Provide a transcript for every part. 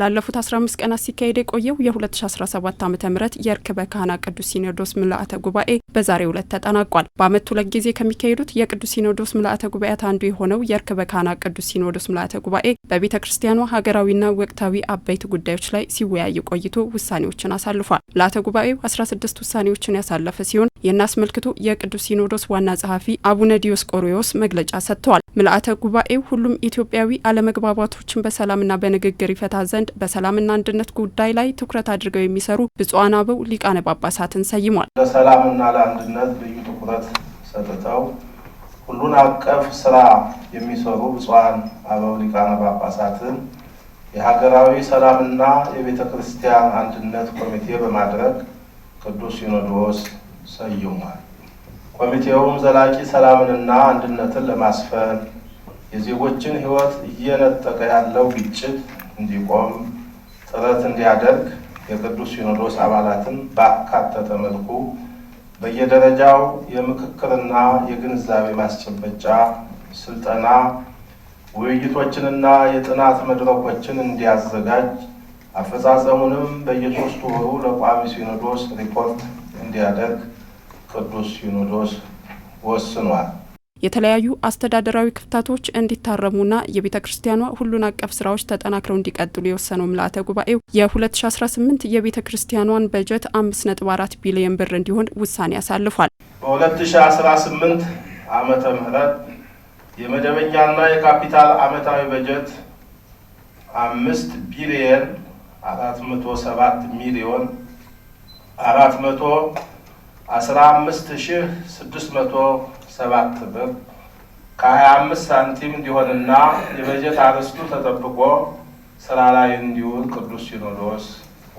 ላለፉት 15 ቀናት ሲካሄድ የቆየው የ2017 ዓ ም የርክበ ካህና ቅዱስ ሲኖዶስ ምልአተ ጉባኤ በዛሬው ዕለት ተጠናቋል። በአመት ሁለት ጊዜ ከሚካሄዱት የቅዱስ ሲኖዶስ ምልአተ ጉባኤያት አንዱ የሆነው የርክበ ካህና ቅዱስ ሲኖዶስ ምልአተ ጉባኤ በቤተ ክርስቲያኗ ሀገራዊና ወቅታዊ አበይት ጉዳዮች ላይ ሲወያይ ቆይቶ ውሳኔዎችን አሳልፏል። ምልአተ ጉባኤው 16 ውሳኔዎችን ያሳለፈ ሲሆን ይህን አስመልክቶ የቅዱስ ሲኖዶስ ዋና ጸሐፊ አቡነ ዲዮስቆሪዎስ መግለጫ ሰጥተዋል። ምልአተ ጉባኤው ሁሉም ኢትዮጵያዊ አለመግባባቶችን በሰላምና በንግግር ይፈታ ዘንድ በሰላምና አንድነት ጉዳይ ላይ ትኩረት አድርገው የሚሰሩ ብፁዓን አበው ሊቃነ ጳጳሳትን ሰይሟል። ለሰላምና ለአንድነት ልዩ ትኩረት ሰጥተው ሁሉን አቀፍ ስራ የሚሰሩ ብፁዓን አበው ሊቃነ ጳጳሳትን የሀገራዊ ሰላምና የቤተ ክርስቲያን አንድነት ኮሚቴ በማድረግ ቅዱስ ሲኖዶስ ሰይሟል። ኮሚቴውም ዘላቂ ሰላምንና አንድነትን ለማስፈን የዜጎችን ሕይወት እየነጠቀ ያለው ግጭት እንዲቆም ጥረት እንዲያደርግ የቅዱስ ሲኖዶስ አባላትን ባካተተ መልኩ በየደረጃው የምክክርና የግንዛቤ ማስጨበጫ ስልጠና ውይይቶችንና የጥናት መድረኮችን እንዲያዘጋጅ አፈጻጸሙንም በየሶስቱ ወሩ ለቋሚ ሲኖዶስ ሪፖርት እንዲያደርግ ቅዱስ ሲኖዶስ ወስኗል። የተለያዩ አስተዳደራዊ ክፍተቶች እንዲታረሙና የቤተ ክርስቲያኗ ሁሉን አቀፍ ስራዎች ተጠናክረው እንዲቀጥሉ የወሰነው ምልአተ ጉባኤው የ2018 የቤተ ክርስቲያኗን በጀት 5.4 ቢሊዮን ብር እንዲሆን ውሳኔ ያሳልፏል። በ2018 ዓመተ ምህረት የመደበኛና የካፒታል ዓመታዊ በጀት 5 ቢሊየን 407 ሚሊዮን 400 አስራ አምስት ብር ከሀያ አምስት ሳንቲም እንዲሆንና የበጀት አርዕስቱ ተጠብቆ ስራ ላይ እንዲውል ቅዱስ ሲኖዶስ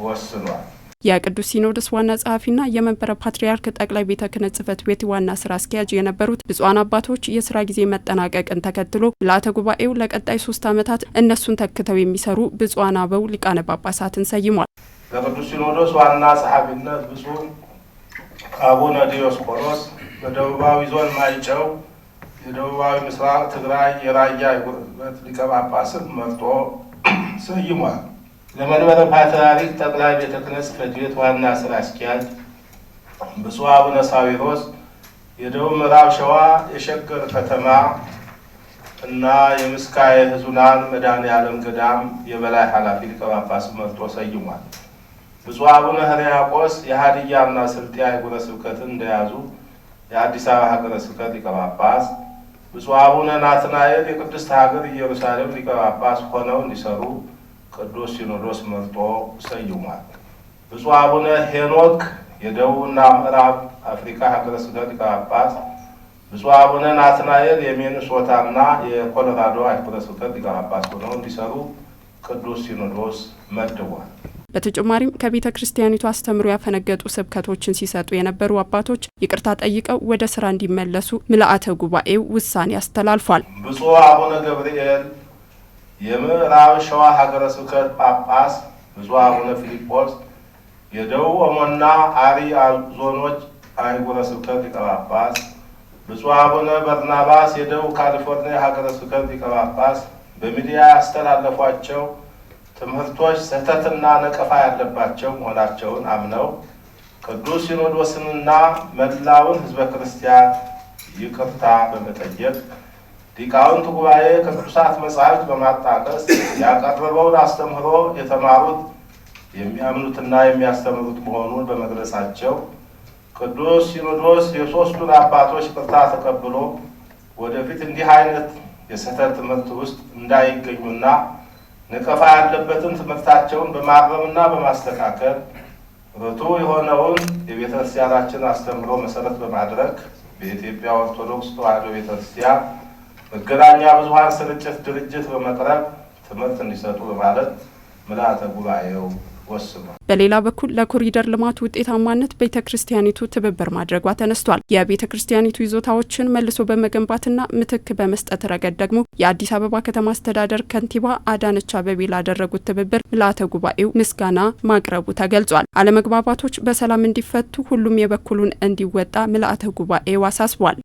ወስኗል። የቅዱስ ሲኖዶስ ዋና ጸሐፊና የመንበረ ፓትርያርክ ጠቅላይ ቤተ ክህነት ጽሕፈት ቤት ዋና ስራ አስኪያጅ የነበሩት ብፁዓን አባቶች የስራ ጊዜ መጠናቀቅን ተከትሎ ምልዓተ ጉባኤው ለቀጣይ ሶስት ዓመታት እነሱን ተክተው የሚሰሩ ብፁዓን አበው ሊቃነ ጳጳሳትን ሰይሟል። ለቅዱስ ሲኖዶስ ዋና ጸሐፊነት ብፁዕ አቡነ ዲዮስቆሮስ በደቡባዊ ዞን ማይጨው የደቡባዊ ምስራቅ ትግራይ የራያ ጉርበት ሊቀ ጳጳስን መርጦ ሰይሟል። ለመንበረ ፓትርያርክ ጠቅላይ ቤተ ክህነት ጽሕፈት ቤት ዋና ስራ አስኪያጅ ብፁዕ አቡነ ሳዊሮስ የደቡብ ምዕራብ ሸዋ የሸገር ከተማ እና የምስካየ ኅዙናን መድኃኔ ዓለም ገዳም የበላይ ኃላፊ ሊቀ ጳጳስ መርጦ ሰይሟል። ብፁዕ አቡነ ሕርያቆስ የሀዲያና ስልጤ አህጉረ ስብከትን እንደያዙ የአዲስ አበባ ሀገረ ስብከት ሊቀ ጳጳስ፣ ብፁዕ አቡነ ናትናኤል የቅድስት ሀገር ኢየሩሳሌም ሊቀ ጳጳስ ሆነው እንዲሰሩ ቅዱስ ሲኖዶስ መርጦ ሰይሟል። ብፁዕ አቡነ ሄኖክ የደቡብና ምዕራብ አፍሪካ ሀገረ ስብከት ሊቀ ጳጳስ፣ ብፁዕ አቡነ ናትናኤል የሚኒሶታና የኮሎራዶ ሀገረ ስብከት ሊቀ ጳጳስ ሆነው እንዲሰሩ ቅዱስ ሲኖዶስ መድቧል። በተጨማሪም ከቤተ ክርስቲያኒቱ አስተምሮ ያፈነገጡ ስብከቶችን ሲሰጡ የነበሩ አባቶች ይቅርታ ጠይቀው ወደ ስራ እንዲመለሱ ምልአተ ጉባኤው ውሳኔ አስተላልፏል። ብፁዕ አቡነ ገብርኤል የምዕራብ ሸዋ ሀገረ ስብከት ጳጳስ፣ ብፁዕ አቡነ ፊልጶስ የደቡብ ኦሞና አሪ ዞኖች አህጉረ ስብከት ሊቀ ጳጳስ፣ ብፁዕ አቡነ በርናባስ የደቡብ ካሊፎርኒያ ሀገረ ስብከት ሊቀ ጳጳስ በሚዲያ ያስተላለፏቸው ትምህርቶች ስህተትና ነቀፋ ያለባቸው መሆናቸውን አምነው ቅዱስ ሲኖዶስንና መላውን ሕዝበ ክርስቲያን ይቅርታ በመጠየቅ ሊቃውንት ጉባኤ ከቅዱሳት መጻሕፍት በማጣቀስ ያቀረበውን አስተምህሮ የተማሩት የሚያምኑትና የሚያስተምሩት መሆኑን በመግለጻቸው ቅዱስ ሲኖዶስ የሦስቱን አባቶች ቅርታ ተቀብሎ ወደፊት እንዲህ አይነት የስህተት ትምህርት ውስጥ እንዳይገኙና ንቀፋ ያለበትን ትምህርታቸውን በማረምና በማስተካከል ርቱ የሆነውን የቤተክርስቲያናችን አስተምሮ መሰረት በማድረግ በኢትዮጵያ ኦርቶዶክስ ተዋሕዶ ቤተክርስቲያን መገናኛ ብዙኃን ስርጭት ድርጅት በመቅረብ ትምህርት እንዲሰጡ በማለት ምልዓተ ጉባኤው ወስኗል። በሌላ በኩል ለኮሪደር ልማት ውጤታማነት ቤተ ክርስቲያኒቱ ትብብር ማድረጓ ተነስቷል። የቤተ ክርስቲያኒቱ ይዞታዎችን መልሶ በመገንባትና ምትክ በመስጠት ረገድ ደግሞ የአዲስ አበባ ከተማ አስተዳደር ከንቲባ አዳነች አበቤ ላደረጉት ትብብር ምልዓተ ጉባኤው ምስጋና ማቅረቡ ተገልጿል። አለመግባባቶች በሰላም እንዲፈቱ ሁሉም የበኩሉን እንዲወጣ ምልዓተ ጉባኤው አሳስቧል።